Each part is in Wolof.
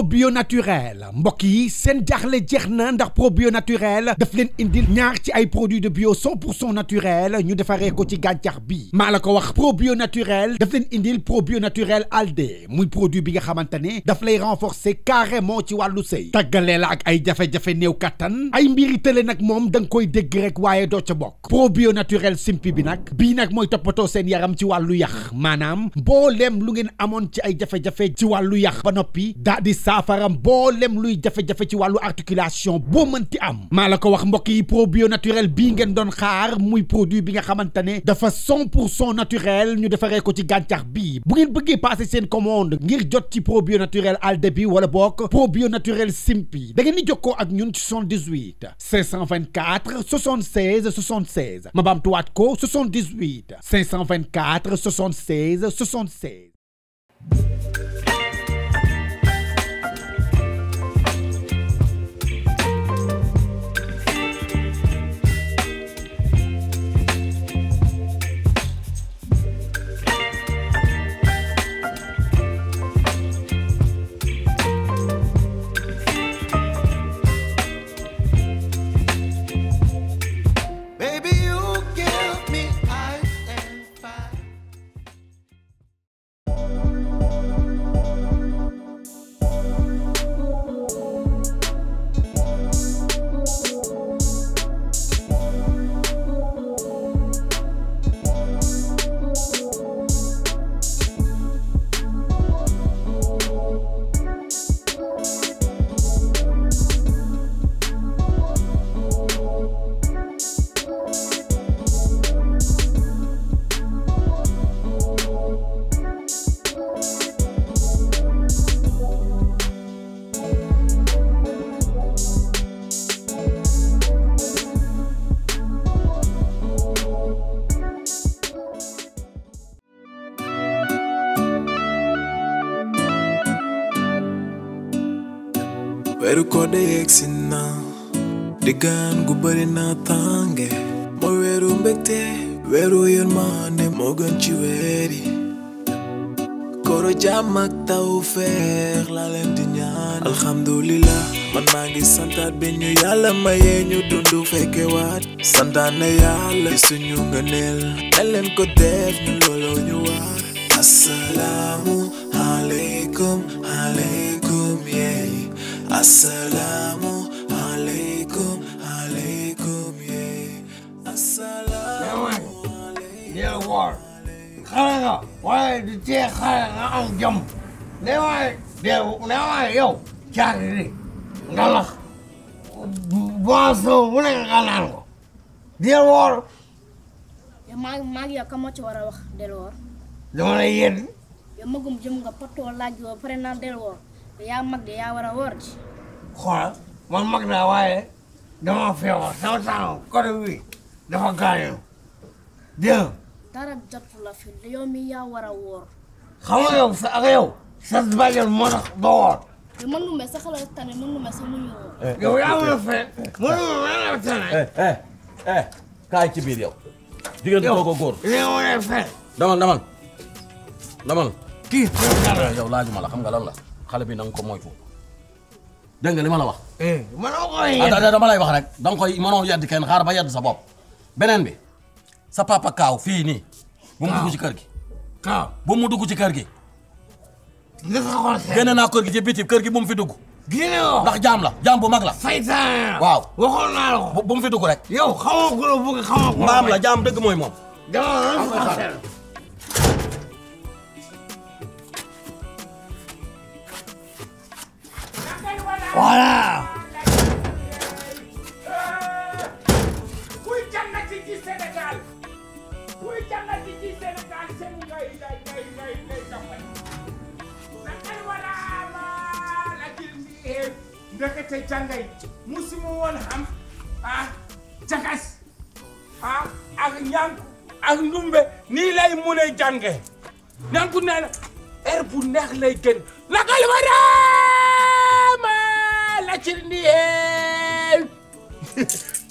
bio naturel mbokk yi seen jaaxle jeex ndax probio naturel daf leen indil ñaar ci ay produits de bio 100 naturel ñu defaree ko ci gàncax bi maa wax probio naturel daf leen indil probio naturel alde muy produit bi nga xamante ne daf lay renforcer carrément ci wàllu sëy tàggalee la ak ay jafe-jafe néew mom, ay mbiri tële nag moom da nga koy rek ca probio naturel simpi bi nag bii nag mooy toppatoo seen yaram ci wàllu yax maanaam mbooleem lu ngeen amoon ci ay saafara mboolem luy jafé jafé ci walu articulation boo ti am malako wax mbok yi probio naturel bi ngeen don xaar muy produit bi nga xamantane dafa 100 naturel ñu defaree ko ci gàncax bi bu ngeen bëggé passer seen commande ngir jot ci probio naturel al bi wala bok probio naturel simpi da ngeen di jokkoo ak ñun ci 78 524 76 76 ma baamtuwaat ko 78 524 76 76. di gaan gu bëri naa tànge mooy weeru mbégte weeru yërmande moo gën ci weer yi koro jàmm ak taw feex laa leen di ñaan alhamdulilah man maa ngi santaat bi ñu yàlla mayee ñu dund fekke waat santaat na yàlla di suñu ngëneel na leen ko def ñu looloo ñu waar asalaamu aleykum aleykum yeey asalaamu aleykum giờ war khá là ngoài đi che khá là ăn nếu ai đều nếu ai yêu cha đi đó là bao số vấn đề cái nào giờ war mag mag ya kama chora wax delor dama lay yeen yo magum jëm nga pato laaj yo pare na delor ya mag de ya wara wor ci xool man mag naa waaye dama feebar sama taaw ko wi dafa gaañu dégg درب جفلة في اليومية وروور خويو سأغيو سدبالي المرخ دور منو ما سخل التاني اه، اه. منو ما سميو يو يا ولفي منو ما التاني ايه ايه كاي كبير يو ديگر دوغو گور يا ولفي دمان دمان دمان كيف يو لازم لا خم غلال لا خلي بي نانكو مويكو dégg nga li ma la wax. eh mënoo koy yedd. ah da da dama lay wax rek da nga koy mënoo yedd kenn xaar ba yedd sa bopp beneen bi sa papa kaw Fi ni bu mu dugg ci kër gi. kaw bu mu dugg ci kër gi. gëna na kër gi ci biti kër gi bu mu fi dugg. gëna ndax jam la jam bu mag la. faytan waaw waxol na la ko. bu mu fi dugg rek. yow xawu ko la bëgg xawu ko. la jam dëgg moy mom voilà. ndekete jàngay musuma woon xam ah jakas ah ak ñànku ak ndumbe nii lay mun a jànge ñànku nee na heure bu neex lay génn lakal waraama la ci ndiyeel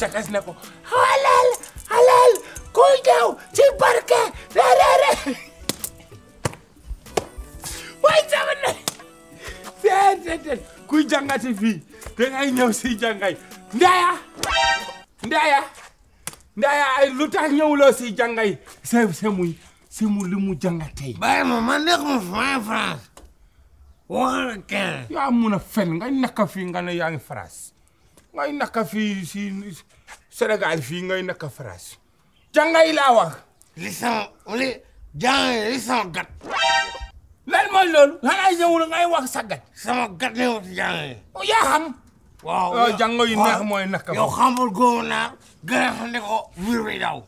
jakas ne ko halal halal kuy ñëw ci barke déedéet kuy jàngati fii dangay ñëw si jàngay ndaaya ndaaya ndaaya ay lu tax ñëwuloo si jàngay se se muy si mu li mu jàngatee. bàyyi ma man de ko fay France waxal kenn. yaa mun a fen ngay naka fii nga ne yaa ngi France ngay naka fii si Sénégal fii ngay naka France jàngay laa wax. li sama li jàngay li sama gat. mooy loolu. xanaa ñëwul ngay wax sagat. sama gàllankoor jàng. Oh, yaa xam. waaw waaw ah, jàngo yu neex ah, mooy naka. yow xamul góob naa gën a ko mbir mi daw.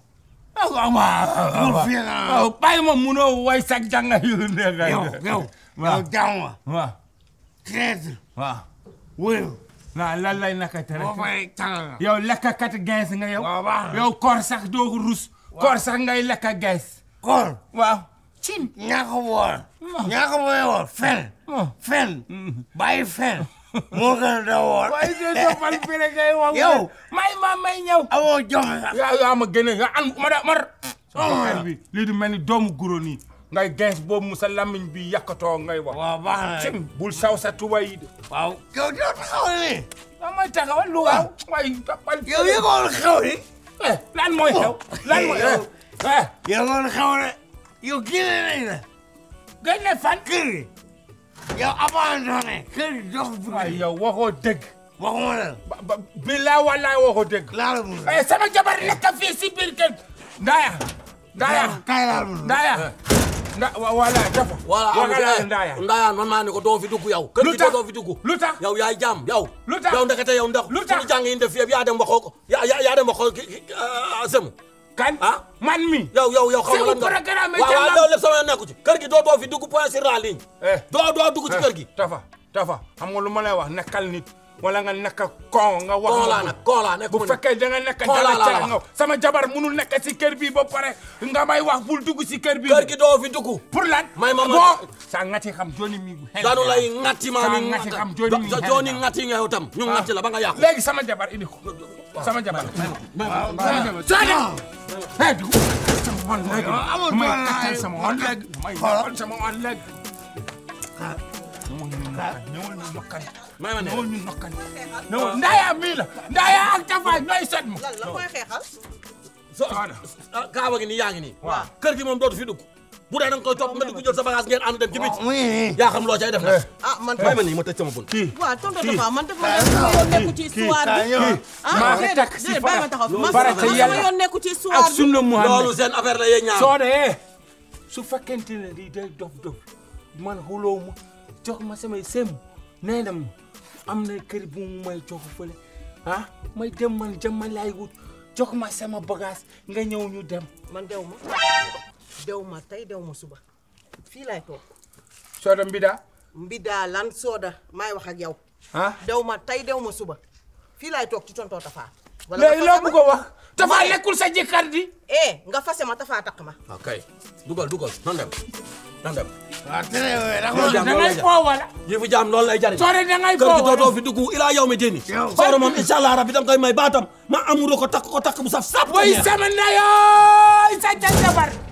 ah waaw waaw waaw ah, bàyyi ma munoo way sax jànga yu neex. yow yow yow jàmm. waaw. traître. waaw. wóyul. waaw lan lay naka tere. boo fay tàngal. yow lekk kat gaz nga yow. waaw yow koor sax doo rus. koor sax ngay lekk gaz. koor waaw. Chin. Nyakawal. Oh. Nyakawal. Ya fel. Oh. Fel. Mm. Bay fel. moo gën a dawoon. waaye de toppal bi rek ay wax. yow may ma may ñëw. awoo jox ya, yaa yaa ma nga an ma da mar. Oh, xel oh, bi lii du mel ni doomu guro ngay gens boobu musa bi yàkkatoo ngay wax. waaw baax na cim bul saw sa tuba yi de. waaw yow doo taxaw ne. daa ya, may taxawal lu waaw. waaye toppal kau yëgoon Eh, ni. lan moy xew lan mooy xew. Eh. Eh. yëgoon xew ne. You killing it. Gën na fan kër gi. yow abandonné. kër gi jox ko. waaw yow waxoo dëgg. waxuma la. ba bilaa walaay waxoo dëgg. laal mu ne. sama jabar nekk fii si biir kër. Ndaya. Ndaya kay mu ne. Ndaya. nda wala dafa. wala Ndaya fi dugg yow. kër fi dugg. lu tax yow yaay jaam yow. lu tax yow ndekete yow ndax. lu tax sunu jàng yi ñu def Semu. kan ah man mi yow yow yow xaw ma nga programme waaw waaw loolu sama yoon nekku ci kër gi doo doo fi dugg point sur la ligne eh doo doo dugg eh, ci kër gi tafa tafa xam nga lu lay wax nekkal nit wala nga nekk kon nga wax la nak kon la nak bu fekkee da nga nekk dara nga sama jabar munul nekk si kër bi ba pare nga may wax bul dugg si kër bi kër gi doo fi dugg pour lan may ma ma sa ngati xam joni mi daanu lay ngati ma ah. mi ngati xam joni mi joni ngati nga yow tam ñu ngati la ba nga yàqu léegi sama jabar indi ko sama jabar sama wan ma ñu nokkan ndaaya mi la ndaaya ak tafa ñooy set mu lan la koy xeexal so kaaba gi nii yaa ngi nii kër gi moom dootu fi dugg bu dee da nga koy topp nga di ko jël sa bagage ngeen ànd dem ci bitti. yaa xam loo cay def nag. Eh. ah man may eh. ma nii ma tëj sama bunt. kii waaw tonton Tafa man dafa ah. ah, ci histoire bi. maa ngi takk si seen affaire la yéen ñaar soo su fekkente ne di day dof dof man xuloo ma ma samay sem nee na na kër bu mu may jox fële ah may dem man jàmm laay wut ma sama bagage nga ñëw ñu dem man dew ma. dew ma tay, dew ma suba fii laay toog sooda mbida mbida lan sooda maay wax ak yow ah dew ma tay dew ma suba fii laay toog ci tontoo tafaa wala loo bëgg a wax tafaa lekkul sa di eh nga fase ma tafaa takk ma ok dugal dugal nan dem nan dem waaw tere da ngay foo wala yëfu jam loolu lay jariñ sore da ngay foo wala kër gi dootoo fi dugg ilaa yow dini sore moom insha allah rabbi dam koy may batam ma amuro ko tak ko tak bu saf saf way sama ndayooy sa jabar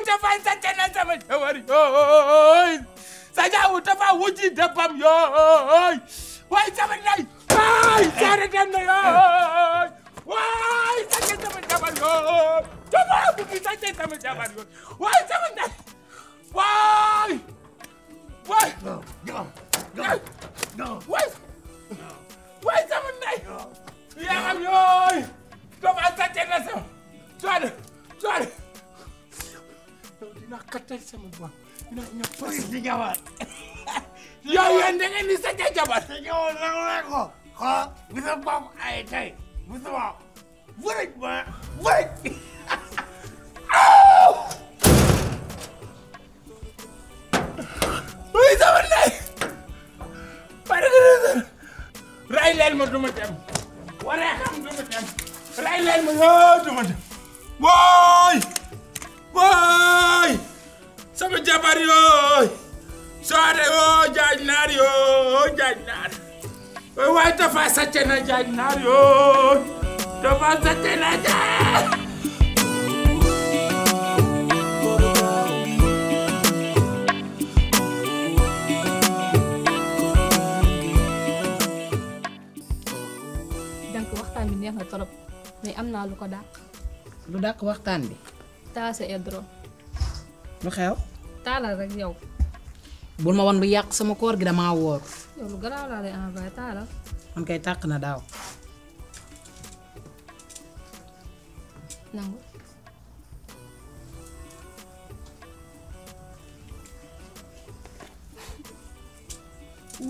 ta fansa kenan sama shawari yoy sajawu ta fa wuji dabam yoy wai sama nai wai sare dan na yoy wai sake sama dabar yoy ta fa wuji sake sama dabar yoy wai sama nai wai wai go go go wai wai sama nai ya am yoy to ba sake na sama sorry naa kattan sama bopp naa ñëw fas si jabar. yow yéen da ngeen di sa ca jabar. sa jabar nangulee ko. xool gis nga bopp ay tey bu subaa. wërëj ma wërëj. extraordinario. ¡Tomándate la ya! Dan kewaktan yang ngetorop. May amna lu koda. Lu dak kewaktan bi. Ta sa ya edro. Lu xew? Tala rek yow. Bul ma won lu yaq sama koor gi dama wor. Yow lu garaaw la lay envoyé ta man kay tàq na daaw. nangu.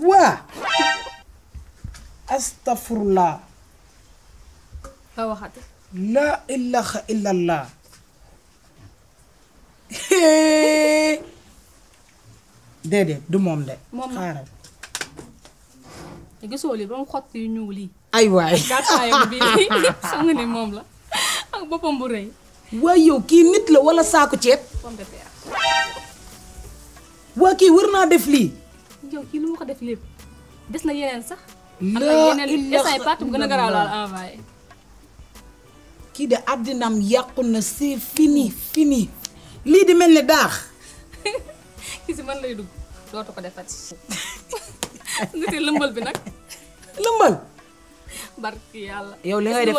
waa. astafurlah. nga waxati. laa ilaha illallah. du moom de. xaaral. te gisoo li ba mu xotti ñuul yi ay waay gàttaayam bi li xam nga ne moom la ak boppam bu rëy waay yow kii nit la wala saako ceeb waa kii wër naa def lii yow kii lu mu ko def lépp des na yeneen sax am na yeneen essay partum gën a garaaw laal envoyé kii de àddinam yàqu na c'est fini fini lii di mel ni daax kii si man lay dugg dootu ko defati niti lëmbal bi lembal, lëmbal. barki yàlla. yow li ngay def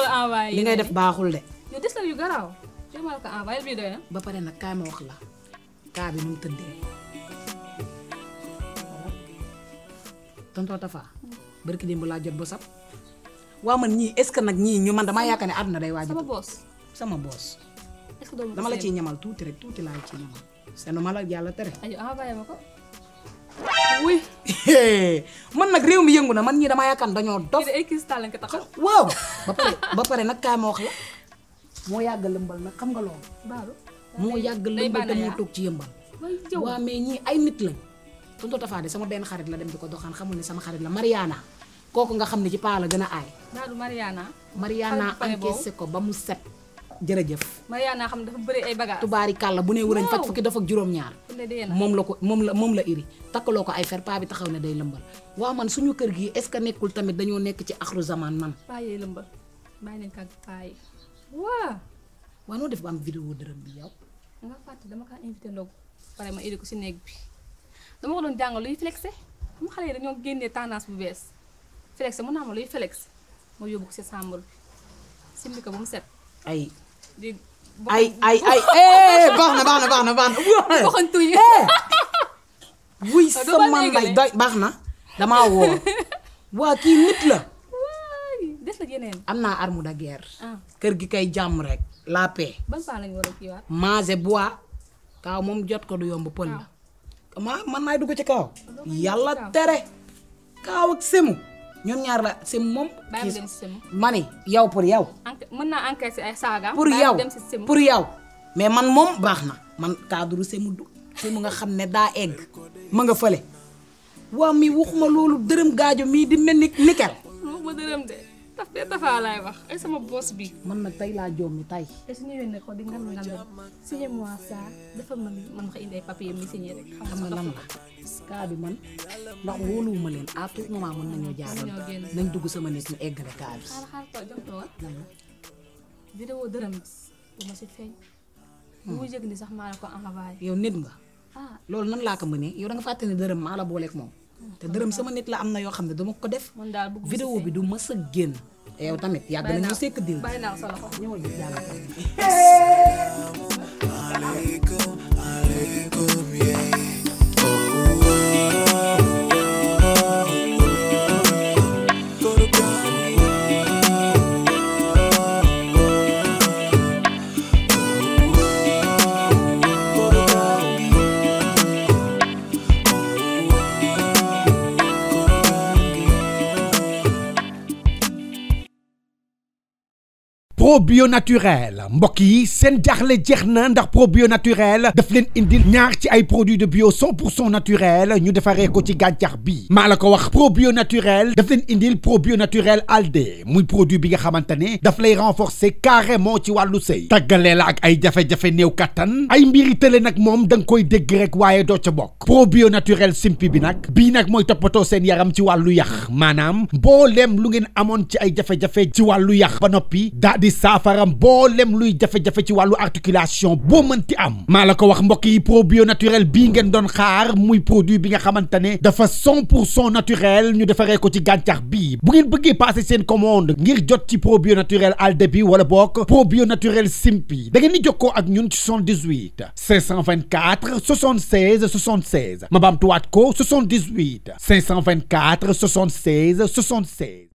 li ngay def baaxul de. yow des na yu garaaw. jéemal ko envoyé bii doy na. ba pare nag kaay ma wax la kaa bi nu mu tëddee. tontoo Tafa. barki démb laa jot ba sab man ñii est ce que nag ñu man damaa yaakaar ne day waaj sama boos sama boos. est ce que dama la ciy ñamal tuuti rek tuuti laa ci ñamal. c'est normal yàlla tere. ayo envoyé ma ko. oui man nag réew mi yëngu na man ñii damaa yaakaar dañoo dof. ay cristal lañ ko taxaw. waaw ba pare ba pare nag kaay ma wax moo yàgg lëmbal nag xam nga loolu. baalu moo yàgg lëmbal te moo toog ci yëmbal. waaw mais ñii ay nit lañ. tonton Tafa de sama benn xarit la dem di ko doxaan xamul ne sama xarit la Mariana kooku nga xam ne ci paa la gën a aay. baalu Mariana. Mariana encaissé ko ba mu set. jërëjëf. Mariana xam dafa bëri ay bagages. tubaari kàlla bu ne wërañ faj fukki dafa ak juróom-ñaar. moom la ko moom la moom la iri takkaloo ko ay fer paa bi taxaw ne day lëmbal. waaw man suñu kër gi est ce que nekkul tamit dañoo nekk ci axru zaman man. paa yee lëmbal bàyyi leen kàgg paa yi waaw. waaw noo def ba am vidéo dërëm bi yow. nga fàtte dama kaa invité ndogu pare ma iri ko si néeg bi dama ko doon jàngal luy flexé mu xale yi dañoo génnee tendance bu bees flexé mun naa ma luy flexé ma yóbbu ko si sàmbal simbi ko ba mu set ay Det ay, ay, Eh, barna, barna, barna, barna! Bukan tuyul! Ya. Eh! Wuy, sama lay doy baax wah dama woor waa kii nit la des la yeneen am naa arme de ah. kër gi kay jàmm rek la paix ban paa ya. lañ bois jot ko du yomb la ma man naay dugg ci kaaw yàlla tere ak semu ñoom ñaar la sim moom. bàyyi dem si sim mani yow pour yow. naa encaisser ay saaga. pour yow pour yow. mais man moom baax na man cadre simu du simu nga xam ne daa egg ma nga fële. waa mi ma loolu dërëm gaajo mii di mel ni daf dee dafaa laay wax ay sama boos bi mën nag tay laa joom mi te su ñëwee ne ko di nga lan la signé moi ça dafa ma ma indi ay papier mi xam nga lan la bi man ndax wóoluwuma leen à tout moment mën nañoo jaaral nañ dugg sama nit ñu eggale kaa bi xaar xaar ko jox toog lan la vidéo dërëm bu si feeñ bu hmm. ni sax maa la ko am envoyé yow nit nga ah. loolu nan laa ko mënee yow da nga fàtte dërëm maa la booleeg moom té dërëm sama nit la amna yo xamné dama ko def. vidéo bi du mës a génn. te yow tamit yàgg nañu sekk diw. bàyyi naa sa loxo ñëwal ñu jàll. probio naturel mbokk yi seen jaaxle jeex ndax probio naturel daf leen indil ñaar ci ay produits de bio 100 naturel ñu defaree ko ci bi maa ko wax probio naturel daf leen indil probio naturel alde muy produit bi nga xamantane daf lay renforcer carrément ci walu sey tàggalee la ak ay jafé jafé new katan ay mbiri nak mom moom koy dégg rek wayé do ca bok probio naturel simpi bi nak bi nak moy seen yaram ci walu yax maanaam mbooleem lu ngeen amone ci ay jafé jafé ci walu yax ba saafaram mboolem luy jafé jafé ci walu articulation boo ti am malako wax mbokk yi probio naturel bi ngeen don xaar muy produit bi nga xamantane dafa 100 naturel ñu defaree ko ci gàncax bi bu ngeen bëggé passer seen commande ngir jot ci probio naturel al début wala bokk probio naturel simpi da ngeen di jokkoo ak ñun ci 78 524 76 76 ma baamtuwaat ko 78 524 76 76